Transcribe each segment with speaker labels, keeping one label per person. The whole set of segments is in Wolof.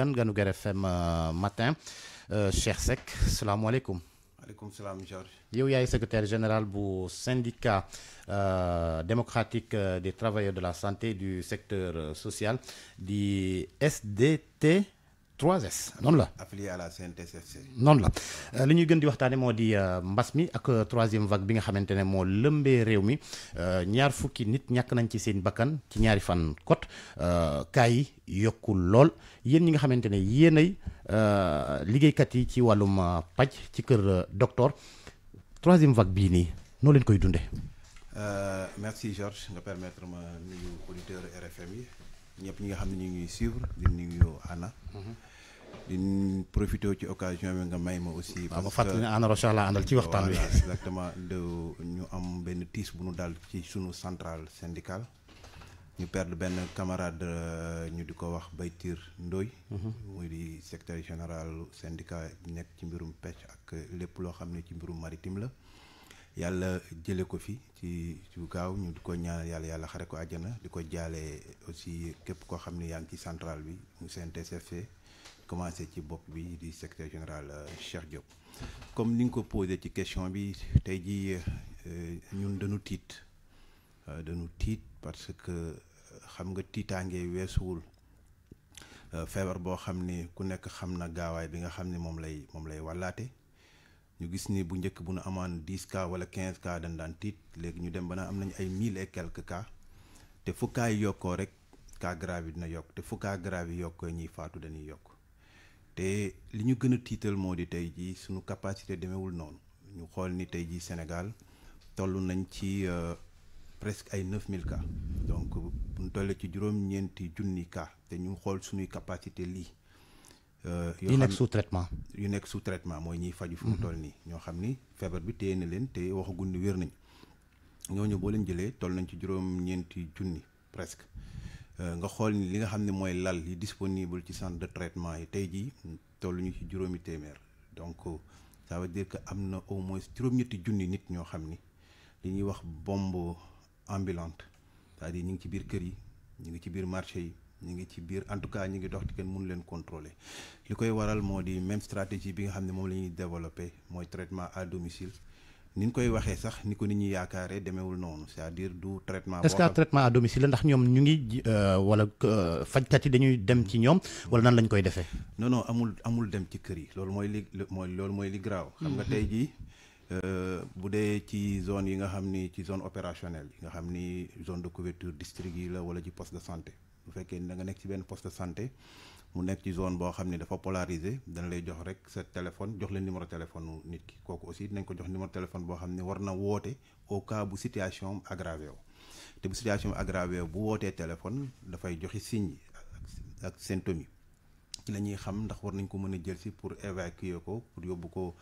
Speaker 1: gan ganu FM euh, matin euh, Sec, salam salaamaaleykum.
Speaker 2: alaikum. salam George.
Speaker 1: yow ya secrétaire général du syndicat euh, démocratique des travailleurs de la santé du secteur social du SDT. 3S noonu la.
Speaker 2: affilié la CNTS/FC. noonu la
Speaker 1: euh, li ñuy gën di waxtaane moo di euh, mbas mi ak euh, troisième vague bi nga xamante ne moo lëmbee réew mi ñaar fukki nit ñàkk nañ ci seen bakkan ci ñaari fan kot kaa yi yokkul lool yéen ñi nga xamante ne yéenay liggéeykat yi ci wàllum paj ci kër docteur troisième vague bii nii noo leen koy dunde
Speaker 2: merci Georges nga permettre ma nuyu auditeur RFM yi ñëpp ñi nga xam ne ñu ngi suivre di nuyu Anna. Mm-hmm. di profité ci occasion bi nga may ma aussi. parce que ma fàttali ne Anna Rocha ci waxtaan wi. exactement de ñu am benn tiis bu nu daal ci sunu centrale syndicale. ñu perdre benn camarade euh, ñu di ko wax Baytir Ndoy mhm. muy di secrétaire général syndicat nekk ci mbirum pêche ak lépp loo xam ne ci mbirum maritime la. yalla jële ko fi ci ci gaaw ñu di ko ñaan yalla yalla xare ko aljana diko ko aussi képp ko xam ne ci centrale bi mu CNTSFC commencé ci bop bi di secteur général euh, Cheikh Diop comme niñ ko posé ci question bi tay ji euh, ñun dañu tit euh, dañu tit parce que xam nga titangé wessul feebar bo xam ku nek xamna na bi nga xam mom lay mom lay wàllaate ñu gis ni bu njëkk bu nu amaan dix cas wala quinze cas dañ daan tiit léegi ñu dem ba am nañ ay mille et quelques cas te fu yokkoo rek cas grave yi dina yokk te fukkaa cas grave yi yokkoo ñuy faatu dañuy yokk te li ñu gën a tiital moo di tey jii suñu capacité demeewul noonu ñu xool ni tey jii Sénégal tollu nañ ci euh, presque ay neuf mille cas donc bu ñu tollee ci juróom-ñeenti junni cas te ñu xool suñuy capacité lii. Euh, yu nekk sous traitement yu nekk sous traitement mooy ñiy faju fu mu mhm. toll nii ñoo xam ni feebar bi téye na leen te waxaguñ ni wér nañ ñooñu boo leen jëlee toll nañ ci juróom-ñeenti junni presque euh, nga xool ni li nga xam ne mooy lal yi disponible ci centre de traitement yi tey jii toll ñu ci juróomi téeméer donc ça veut dire que am na au moins juróom-ñetti junni nit ñoo xam ni li ñuy wax bomb ambulante c'est-à-dire ñu ngi ci biir kër yi ñu ngi ci biir marché yi ñu ngi ci biir en tout cas ñu ngi dox te kenn mënu leen contrôler li koy waral moo di même stratégie bi nga xam ne moom lañuy ñuy développé mooy traitement à domicile ni ñu koy waxee sax ni ko nit ñi yaakaaree demeewul noonu c'est-à-dire du traitement. est-ce que traitement
Speaker 1: à domicile ndax ñoom ñu ngi euh, wala euh, fajkat yi dañuy dem ci ñoom wala nan lañ koy defee.
Speaker 2: non amul amul dem ci kër yi loolu mooy li mooy loolu mooy li graaw. xam nga mhm. tey jii. Euh, bu dee ci zone yi nga xam ni ci zone opérationnelle yi nga xam ni zone de couverture district yi la wala ci poste de santé. bu fekkee da nga nekk ci benn poste de santé mu nekk ci zone boo xam ne dafa polariser dana lay jox rek sa téléphone jox leen numéro téléphone nit ki kooku aussi dinañ ko jox numéro téléphone boo xam ne war na woote au cas bu situation aggravé wu te bu situation aggravé bu wootee téléphone dafay joxe signe ak symptôme yi ci la ñuy xam ndax war nañ ko mën a jël si pour évacuer ko pour yóbbu ko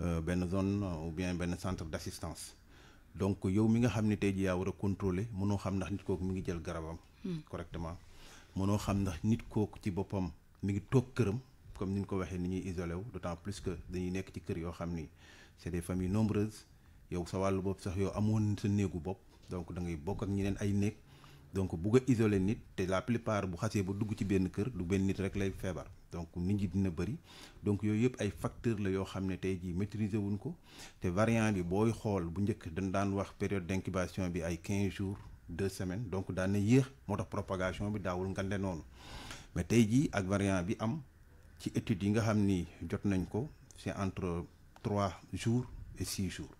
Speaker 2: euh, benn zone euh, ou bien benn centre d' assistance donc yow mi nga xam ne tey jii yaa war a contrôler mënoo xam ndax nit kooku mi ngi jël garabam. Hmm. correctement mono xam ndax nit kok ci bopam mi ngi tok këram comme ni ko waxee ni ñuy isolé wu d'autant plus que dañuy nekk ci kër yo xamni c'est des familles nombreuses yow sa walu bop sax yow amone sa néegu bopp donc da ngay bok ak ñeneen ay nekk donc bu a isolé nit te la plupart bu xasse bu dugg ci benn kër du benn nit rek lay feebar donc nit ñi dina bari donc yoy yep ay facteurs la yo xam tay ji maîtriser wuñ ko te variant bi boy xol bu njëkk dañ daan wax période d'incubation bi ay 15 jours deux semaines donc dans hier mode propagation propagation bi daawul ngandé non mais tey jii ak variant bi am ci étude yi nga xamni jot nañ ko c'est entre trois jours et six jours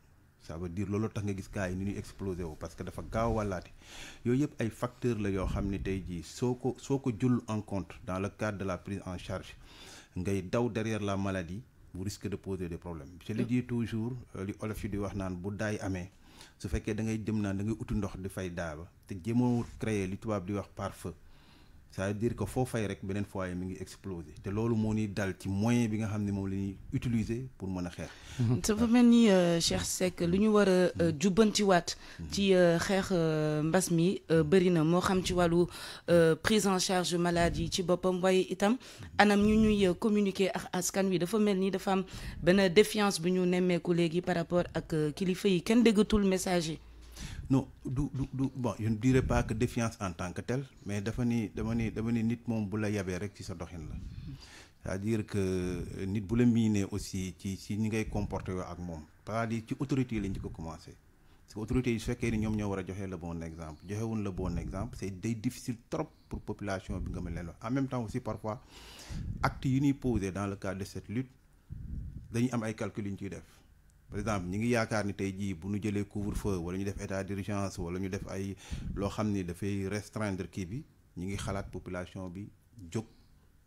Speaker 2: ça veut dire lolo, tax nga gis gars ni explosé wu parce que dafa gaaw wàllaate yooyu yëpp ay facteur la yo xamni ne tey soko soko ko en compte dans le cadre de la prise en charge ngay daw derrière la maladie vous risquez de poser des problèmes je le dis toujours euh, li olof yi di wax naan bu day amé su fekkee da ngay jëm naan da ngay uti ndox di fay daaba te jéemoo créer li tubaab di wax pare-feu ça veut dire que foo fay rek beneen foyer mi ngi exploser té lolu mo ni dal ci moyen bi nga xamni mom la utiliser pour mëna a xeex. Mm-hmm.
Speaker 3: dafa mel ni euh, Cheikh sek luñu wara war euh, mm-hmm. wat mm-hmm. ci euh, xeex mbas mi bëri xam ci walu prise en charge maladie ci bopam waaye itam anam ñu ñuy communiquer ak askan wi dafa melni ni dafa am benn défiance bu ñu ko légui par rapport ak kilifa yi ken déggatul message
Speaker 2: non du du du bon je ne dirais pas que défiance en tant que telle mais dafa ni dama ni dama ni nit mom bu la rek ci sa doxine la c'est-à-dire que euh, nit bu la aussi ci ci ñi ngay comporter yoo ak mom par à dire ci autorité yi lañ ko commencer parce que autorité yi su ni ñom ñoo wara joxé le bon exemple joxewuñ le bon exemple c'est day difficile trop pour population bi nga mel en même temps aussi parfois acte uni posé dans le cadre de cette lutte dañuy am ay calcul yu ñu def par exemple ñi ngi yaakaar ni tey jii bu ñu jëlee couvre feu wala ñu def état d'urgence wala ñu def ay loo xam ni dafay restrendre kii bi ñi ngi xalaat population bi jóg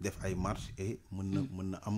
Speaker 2: def ay marche et mën na mën na am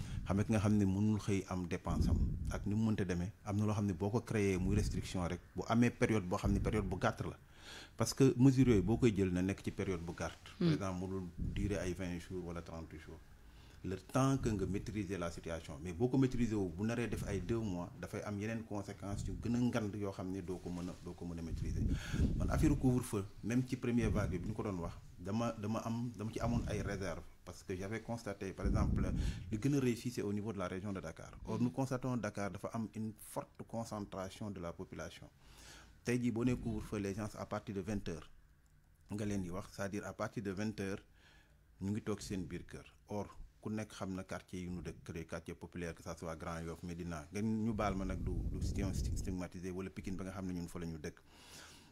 Speaker 2: xam nga ki xam ne mënul xëy am dépense am ak ni mu mënta demee am na loo xam ne boo ko créer muy restriction rek bu amee période boo xam ne période bu gàtt la parce que mesure yooyu boo koy jël na nekk ci période bu gàtt. Hmm. par exemple mënul durer ay 20 jours wala 30 jours. le temps que nga maîtriser la situation mais boo ko maîtriser wu bu naree def ay 2 mois dafay am yeneen conséquences yu gën a ngand yoo xam ne doo ko mën a doo ko mën a maîtriser man affaire couvre-feu même ci première vague bi ñu ko doon wax dama dama am dama ci amoon ay réserve parce que j'avais constaté par exemple le plus réussi c'est au niveau de la région de Dakar or nous constatons Dakar une forte concentration de la population tey jii couvre les gens à partir de 20h. c'est-à-dire à partir de 20h, nous ngi toog seen biir kër or on nekk xam quartier populaire, que ce soit Grand Yoff Médina nous ñu ma du stigmatisé wala Pikine ba nga ne ñun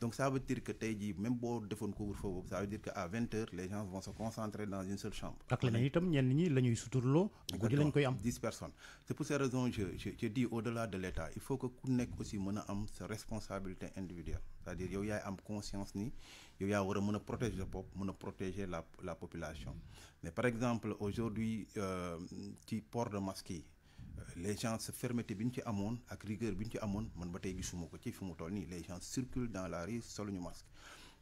Speaker 2: donc ça veut dire que es dit même pour de couvre-feu ça veut dire que à 20h les gens vont se concentrer dans une seule chambre. ak
Speaker 1: ñi lañ
Speaker 2: koy am 10 personnes. c'est pour ces raisons je je dis au-delà de l'État il faut que ku nek aussi mën am sa responsabilité individuelle c'est-à-dire yow yaay une conscience ni yow yaa a protéger protéger la population mais par exemple aujourd'hui tu euh, port de masque les gens se fermeté à ci amone ak rigueur biñ mon ci amone man batay gisumako ci toll les gens circulent dans la rue soluñu masque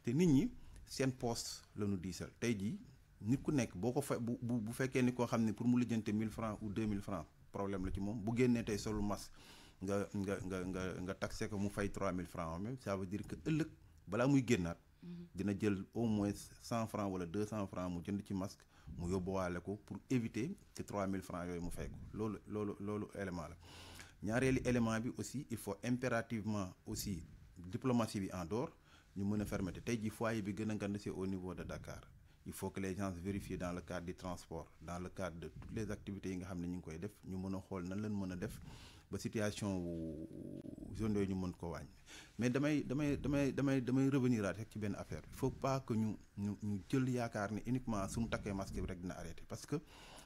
Speaker 2: te nit ñi un poste la ñu diisal tay ji nit ku nek boko fa bu bu ni ko xam pour mu lijeenté 1000 francs ou 2000 francs problème la ci mom bu génné tay solu masque nga nga nga nga nga taxé ko mu fay 3000 francs même ça veut dire que ëllëg bala muy génnaat. Mhm. dina jël au moins 100 francs wala 200 francs mu jënd ci masque mu ko pour éviter ces 3000 francs yoy mu fay ko lolu lolu mal élément la ñaareli élément aussi il faut impérativement aussi diplomatie en dehors ñu mëna fermeté fermer tey foyer bi gëna ngand au niveau de Dakar il faut que les gens vérifient dans le cadre des transports dans le cadre de toutes les activités nous nga xamné ñing koy def ñu situation zone yooyu ñu mën ko wàññi mais damay damay damay damay damay revenir rek ci benn affaire il faut pas que ñu ñu ñu jël yaakaar ni uniquement suñu takkee masque bi rek dina arrêté parce que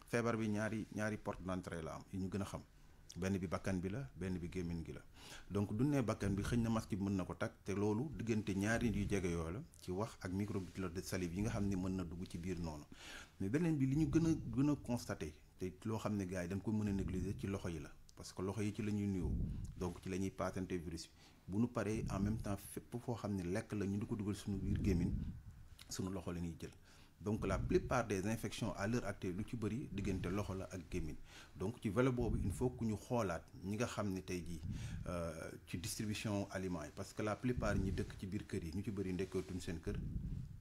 Speaker 2: feebar bi ñaari ñaari porte d'entrée la am yu ñu gën a xam benn bi bakkan bi la benn bi gémmiñ gi la donc du ne bakkan bi xëñ na masque bi mën na ko takk te loolu diggante ñaari yu jege yoo la ci wax ak microbe de salive yi nga xam ne mën na dugg ci biir noonu mais beneen bi li ñu gën a gën a constaté te loo xam ne gars yi dañ ko mën a négliger ci loxo yi la parce que loxo yi ci lañuy ñuy donc ci lañuy ñuy virus bi bu nu paree en même temps fépp fo xam lek la ñu di ko dugal suñu biir gémmiñ suñu loxo lañuy jël donc la plupart des infections à l'heure actuelle lu ci bari diggante loxo la ak gémmiñ donc ci vélo bobu une fois ku ñu xolaat ñi nga xam tay ji euh ci distribution aliments parce que la plupart ñi dëkk ci biir kër yi ñu ci bari ndekkatuñ seen kër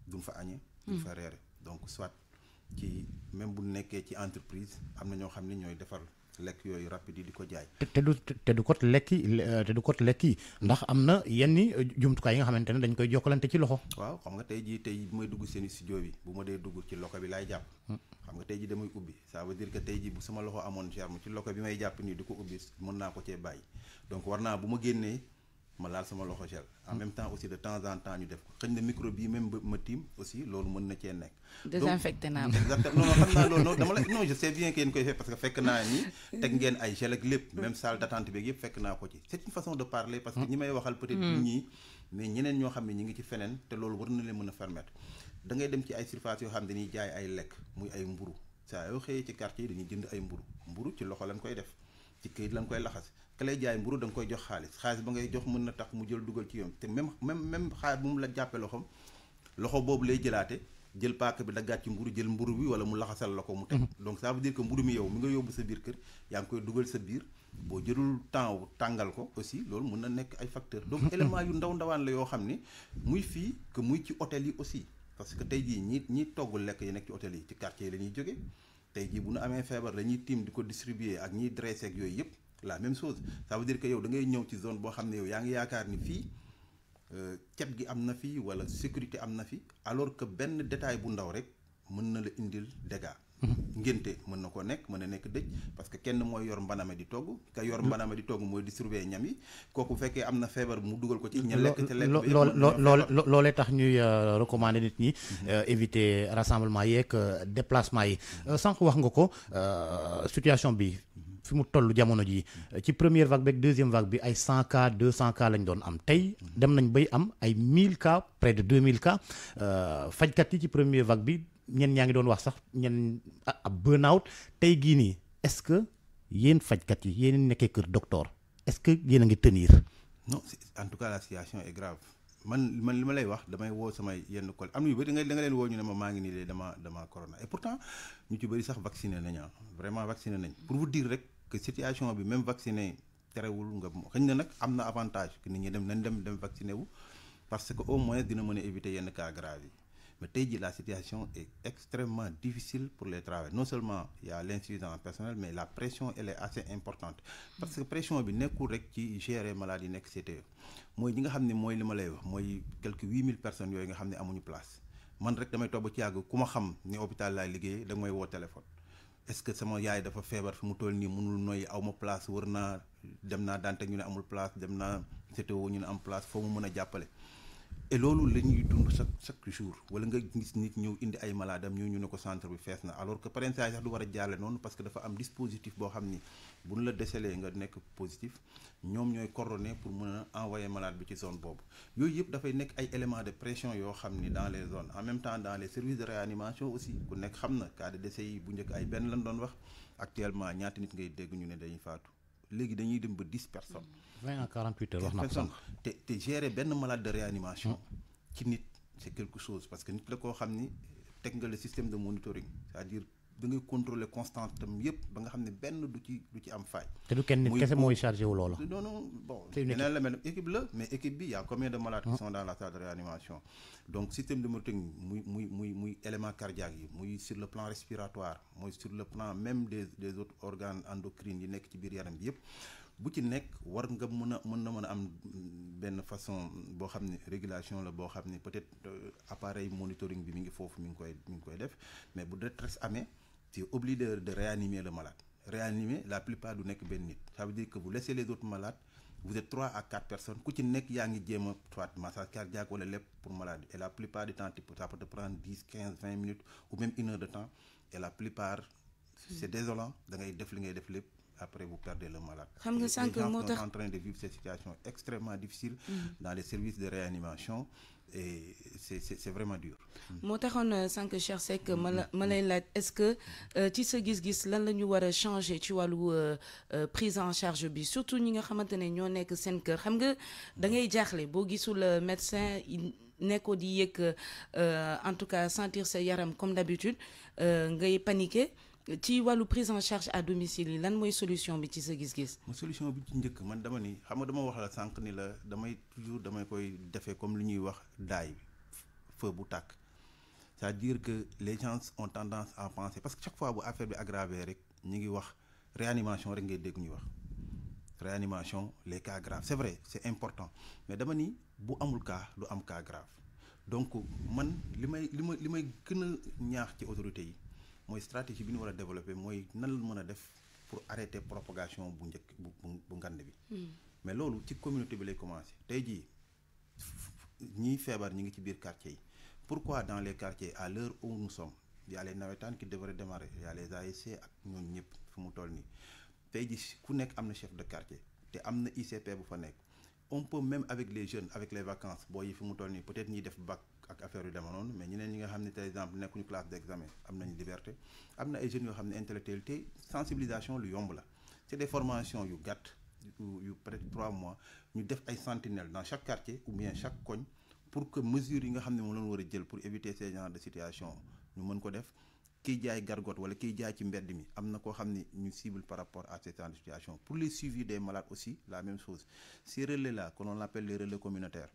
Speaker 2: duñ fa agné duñ fa réré donc soit ci même bu nekkee ci entreprise am na ñoo xam ne ñooy lekk yooyu rapide yi di ko jaay.
Speaker 1: te du te du kot lekk euh, te du kot lekk yi ndax am na yenn euh, jumtukaay yi nga xamante ne dañ koy jokkalante ci loxo.
Speaker 2: waaw xam nga tey jii tey may dugg seen studio bi bu ma dee dugg ci loxo bi laay jàpp. Hmm. xam nga tey jii damay ubbi ça veut dire que tey jii bu sama loxo amoon germe ci loxo bi may jàpp nii di ko ubbi mën naa ko cee bàyyi donc war naa bu ma génnee. ma laal sama loxo gel en même temps aussi de temps en temps ñu def ko xëñ na micro même ma tim aussi loolu mën na cee nekk. désinfecté naa exactement non xam naa loolu non dama la non je sais bien que yéen koy fait parce que fekk naa ni teg ngeen ay gel ak lépp même salle d'attente bi yëpp fekk naa ko ci c'est une façon de parler parce que ñi may waxal peut-être nit ñi mais ñeneen ñoo xam ne ñi ngi ci feneen te loolu war na leen mën a permettre da ngay dem ci ay surfaces yoo xam ne dañuy jaay ay lekk muy ay mburu saa yoo xëyee ci quartier dañuy jënd ay mburu mburu ci loxo lañ koy def ci këyit lañ koy laxas ka lay jaay mburu da nga koy jox xaalis xaalis ba ngay jox mën na tax mu jël dugal ci yoon te même même même xaalis bu mu la jàppee loxo loxo boobu lay jëlaate jël paaka bi daggaat ci mburu jël mburu bi wala mu laxasal la ko mu teg mm-hmm. donc ça veut dire que mburu mi yow mu nga yóbbu sa biir kër yaa ngi koy dugal sa biir boo jëlul temps tàngal ko aussi loolu mën na nekk ay facteur donc mm-hmm. élément yu ndaw ndawaan la yoo xam ni muy fii que muy ci hôtel yi aussi parce que tey jii ñi ñi togg lekk yi nekk ci hôtel yi ci quartier la ñuy jóge tey jii bu nu amee feebar la ñuy di ko distribuer ak ñiy dressé ak yooyu yëpp la même chose ça veut dire que yow da ngay ñëw ci zone boo xam ne yow yaa ngi yaakaar ni fii euh, cet gi am fi wala sécurité am na fi alors que ben détail bu ndaw rek mën na la indil dégâts. Mm-hmm. ngénte mën na koo nekk mën na nek dëj parce que kenn mooy yor mbaname di togg ka yor mm-hmm. mbaname di togg mooy di ñam yi kooku fekkee am na feebar mu dugal ko ci ña lekk te lekk lool
Speaker 1: loolee tax ñuy euh, recommander nit ñi mm-hmm. euh, éviter rassemblement yeeg déplacement yi sank wax nga ko situation bi fimu tollu jamono ji ci première vague beeg deuxième vague bi ay 100 cas 200 cas lañ doon am tey dem nañ bay am ay 1000 cas près de 2000 mille cas euh, fajkat yi ci première vague bi ñen ñangi doon wax sax ñen ah, ab burn-out tey gii est-ce que yéen fajkat yi yeen nekké keur docteur est-ce que yeen a tenir. non
Speaker 2: en tout cas la situation est grave. man man li lay wax damay woo samay yenn kol am na yu bëri da nga len wo ñu ne ma maa ngi dama dama corona et pourtant ñu ci bëri sax vacciner nañ ah. vraiment vacciner nañ pour vous dire rek que situation bi même vacciné téréwul nga xëñ na nag avantage que nit ñi dem nañ dem dem vacciné wu parce que au moins dina mën éviter yenn cas grave mais tu dis la situation est extrêmement difficile pour les travailleurs non seulement il y a l'insuffisance personnelle mais la pression elle est assez importante parce que pression bi nekkul rek ci gérer maladie nekk CTE moy ñi nga xamni moy mooy lay wax moy quelque 8000 personnes yoy nga xamni amuñu place man rek damay toog ci yàgg kuma l'hôpital xam ni hôpital lay liggéey téléphone est-ce que sama yaay dafa feebar fi mu toll nii mënul noyyi aw ma place wër naa dem naa Dantec ñu ne amul place dem naa CTO ñu ne am place foo mu mën a jàppale et loolu la ñuy dund chaque chaque jour wala nga gis nit ñëw indi ay malaadam ñëw ñu ne ko centre bi fees na alors que parrainage sax du war a jàlle noonu parce que dafa am dispositif boo xam ni bu la décelé nga nekk positif ñoom ñooy corroné pour mën a envoyer malade bi ci zone boobu yooyu yëpp dafay nekk ay éléments de pression yoo xam ni dans les zones en même temps dans les services de réanimation aussi ku nekk xam na cas de décès yi bu njëkk ay benn lan doon wax actuellement ñaata nit ngay dégg ñu ne dañuy faatu légui dañuy dem ba 10 personnes
Speaker 1: 20 à 48 heures wax na
Speaker 2: Tu gères une gérer ben malade de réanimation hum. ci nit c'est quelque chose parce que nous, avons ko xamni tek le système de monitoring da ngay contrôler constante tam yëpp ba nga xam ne benn du ci du ci am faay.
Speaker 1: te du chargé non
Speaker 2: non bon équipe la mais équipe bi y' a combien de malades qui hein? sont dans la salle de réanimation. donc système de monitoring muy muy muy muy élément cardiaque yi muy sur le plan respiratoire muy sur le plan même des des autres organes endocrines yi nekk ci biir yaram bi yëpp bu ci nekk war nga mën a mën na mën am benn façon boo xam régulation la boo xam peut-être euh, appareil monitoring bi mi ngi foofu mi ngi koy mi ngi koy def mais bu détresse amee tu es obligé de réanimer le malade réanimer la plupart du nekk benn nit ça veut dire que vous laissez les autres malades vous êtes trois à quatre personnes ku ci nekk yaa ngi jéem a soit massage cardiaque wala lépp pour malade et la plupart du temps ça peut te prendre dix quinze vingt minutes ou même une heure de temps et la plupart hmm. c'est désolant da ngay def li ngay def lépp après vous perdez le malade. les gens sont en train de vivre cette situation extrêmement difficile mm-hmm. dans les services de réanimation et c'est vraiment dur.
Speaker 3: Mm-hmm. moo taxoon euh, sànq Cheikh mm-hmm. est-ce que euh, ci sais, gis-gis lan la changer ci euh, prise en charge bi surtout ñi nga xamante ne ñoo nekk seen kër xam nga da ngay jaaxle boo gisul médecin N'est dit que, en tout cas sentir sa yaram comme d'habitude ngay paniqué
Speaker 2: ci walu prise en charge à domicile yi lan mooy solution bi ci sa gis-gis. solution bi ci njëkk man dama ni xam nga dama wax la sank ni la damay toujours damay koy defé comme li ñuy wax daay feu bu tak c'est-à-dire que les gens ont tendance à penser parce que chaque fois bu affaire bi aggravé rek ñi ngi wax réanimation rek ngay dégg ñuy wax réanimation les cas graves c'est vrai c'est important mais dama ni bu amul cas du am cas grave donc man limay limay li may ñaax ci autorité yi moy stratégie bi ñu wara développer moy nan la def pour arrêter propagation bu njëkk bu bu ngand bi. Hmm. mais loolu ci communauté bi lay commencer tey jii ñiy feebar ñi ngi ci biir quartier pourquoi dans les quartiers à l'heure où nous sommes il y a les nawetaan qui devraient démarrer y a les ASC ak ñun ñëpp fu mu toll ni tey jii ku nekk chef de quartier té amna ici ICP bu fa nekk on peut même avec les jeunes avec les vacances boyer yi toll ni peut-être ñi def bac ak affaire yu demee mais ñeneen ñi nga xam ne par exemple nekkuñu classe d'examen, examen am nañu liberté am na ay jeunes yoo xam ne intellectualité sensibilisation lu yomb la des formations yu gàtt yu yu peut être trois mois ñu def ay sentinelles dans chaque quartier ou bien chaque coin, pour que mesures yi nga xam ne la pour éviter ces genre de situation ñu mën ko def kiy jaay gargote wala kiy jaay ci mbedd mi am na koo ñu cible par rapport à ce genre de situation pour les suivis des malades aussi la même chose ces relais là que l'on appelle les relais communautaires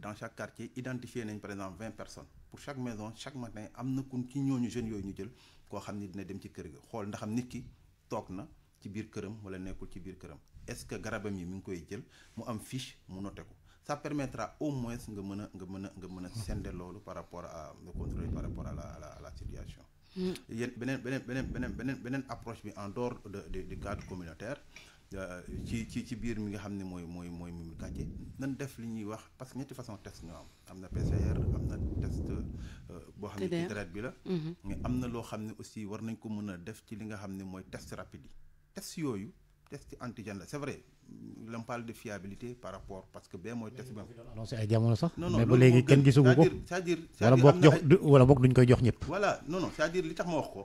Speaker 2: dans chaque quartier identifier 20 par exemple personnes pour chaque maison chaque matin nous kun jeunes ñu jël est-ce que garabam yi ont ngi koy fiche ça permettra au moins de par rapport à la situation. Il y a une approche en dehors de du cadre communautaire. Euh, ci ci ci biir mi nga parce que test aussi test test c'est vrai parle de fiabilité par rapport parce que bien, test non mais cest dire voilà non non c'est-à-dire li tax wax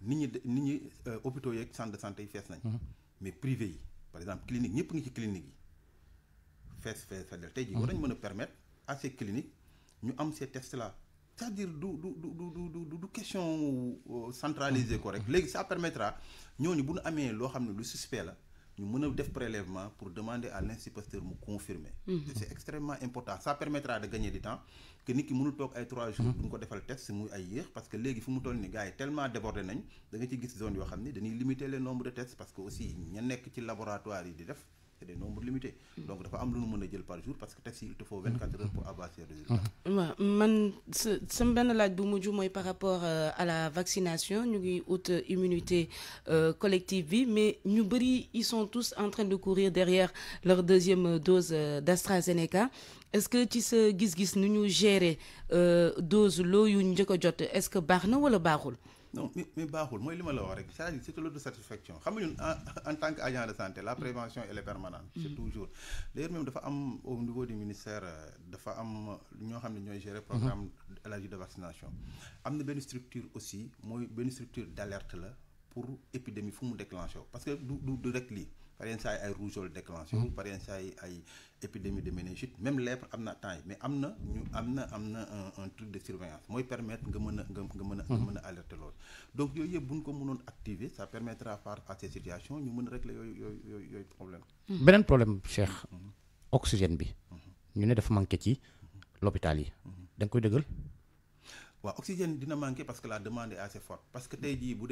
Speaker 2: nit ñi nit ñi euh, hôpitaux yeeg centre de santé yi mhm. mais privé par exemple clinique ñëpp ngi ci clinique yi fess fees fa del tay ji war mhm. nañ permettre à ces cliniques ñu am ces tests là c'est-à-dire du du du du du question euh, centralisée, correct mhm. légui ça permettra ñooñu bu ñu amee loo xam lu suspect la nous mën faire un prélèvement pour demander à l'inspecteur de confirmer mhm. c'est extrêmement important ça permettra de gagner du temps que nous ki mënul ay trois jours bu mhm. ko test muy parce que les fu toll ni tellement débordé nañ da nga ci limiter le nombre de tests parce que aussi ña nekk ci laboratoire c'est des nombres limités donc dafa faut lu nu mën de jël par jour parce que taxi il te faut 24 heures pour avoir ces résultats.
Speaker 3: Je suis très heureux bu par rapport euh, à la vaccination ñu ngi haute immunité euh, collective mais nous, ils sont tous en train de courir derrière leur deuxième dose euh, d'AstraZeneca est-ce que ci sais, gis-gis nu ñu dose de l'eau est-ce que baax ou wala baaxul
Speaker 2: non mais c'est baaxul mooy li la wax cest tout le de satisfaction xam nga en tant qu'agent de santé la prévention elle est permanente. c'est mm-hmm. toujours d'ailleurs même dafa am au niveau du ministère euh, dafa am géré le ne ñooy programme élargi mm-hmm. de vaccination Nous avons une structure aussi une structure d'alerte là pour épidémie fu nous déclencher parce que nous avons du par exemple une ay rougeole déclenchée, mm-hmm. par exemple saa ay épidémie de méningite même lèpre am na temps mais am na ñu un truc de surveillance qui permettre nga l'autre. nga donc si vous ça permettra à ces situations Nous régler régler
Speaker 1: Mais Un problème. un hmm. problème oxygène bi hmm. ñu manqué l'hôpital
Speaker 2: Vous da nga manqué parce que la demande est assez forte parce que vous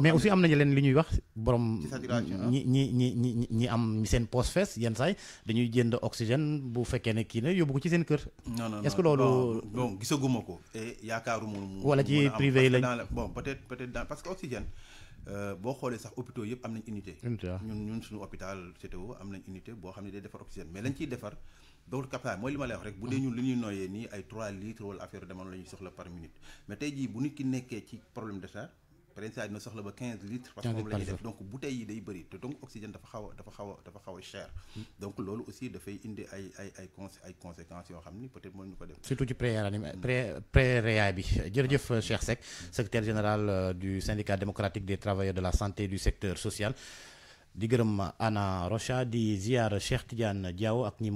Speaker 2: mais aussi amna
Speaker 1: ñeleen li ñuy wax borom ñi ñi ñi ñi am sen post fess yeen say dañuy jënd oxygène bu fekke ne ki na yobu ko ci sen kër non non est ce que lolu bon gisagumako
Speaker 2: et yaakaru mo wala ci privé lañ bon peut-être peut-être parce que oxygène euh bo xolé sax hôpitaux yépp amnañ unité ñun ñun suñu hôpital cto amnañ unité bo xamni day défar oxygène mais lañ ci défar dogul capital moy lima lay wax rek bu de ñun li ñuy noyé ni ay 3 litres wala affaire demone lañu soxla par minute mais tay ji bu nit ki nekké ci problème de ça par exemple dina soxla ba 15 litres parce que moom def donc bouteille yi day te donc oxygène dafa xaw dafa xaw dafa xaw cher hmm. donc lolu aussi fay indi ay ay ay ay conséquences yo xamni peut être mën ñu ko def
Speaker 1: surtout ci pré-réa hmm. bi jërëjëf hmm. Cheikh sek secrétaire général euh, du syndicat démocratique des travailleurs de la santé du secteur social di gërëm ana Rocha di ziar Cheikh Tidiane Diaw ak ñi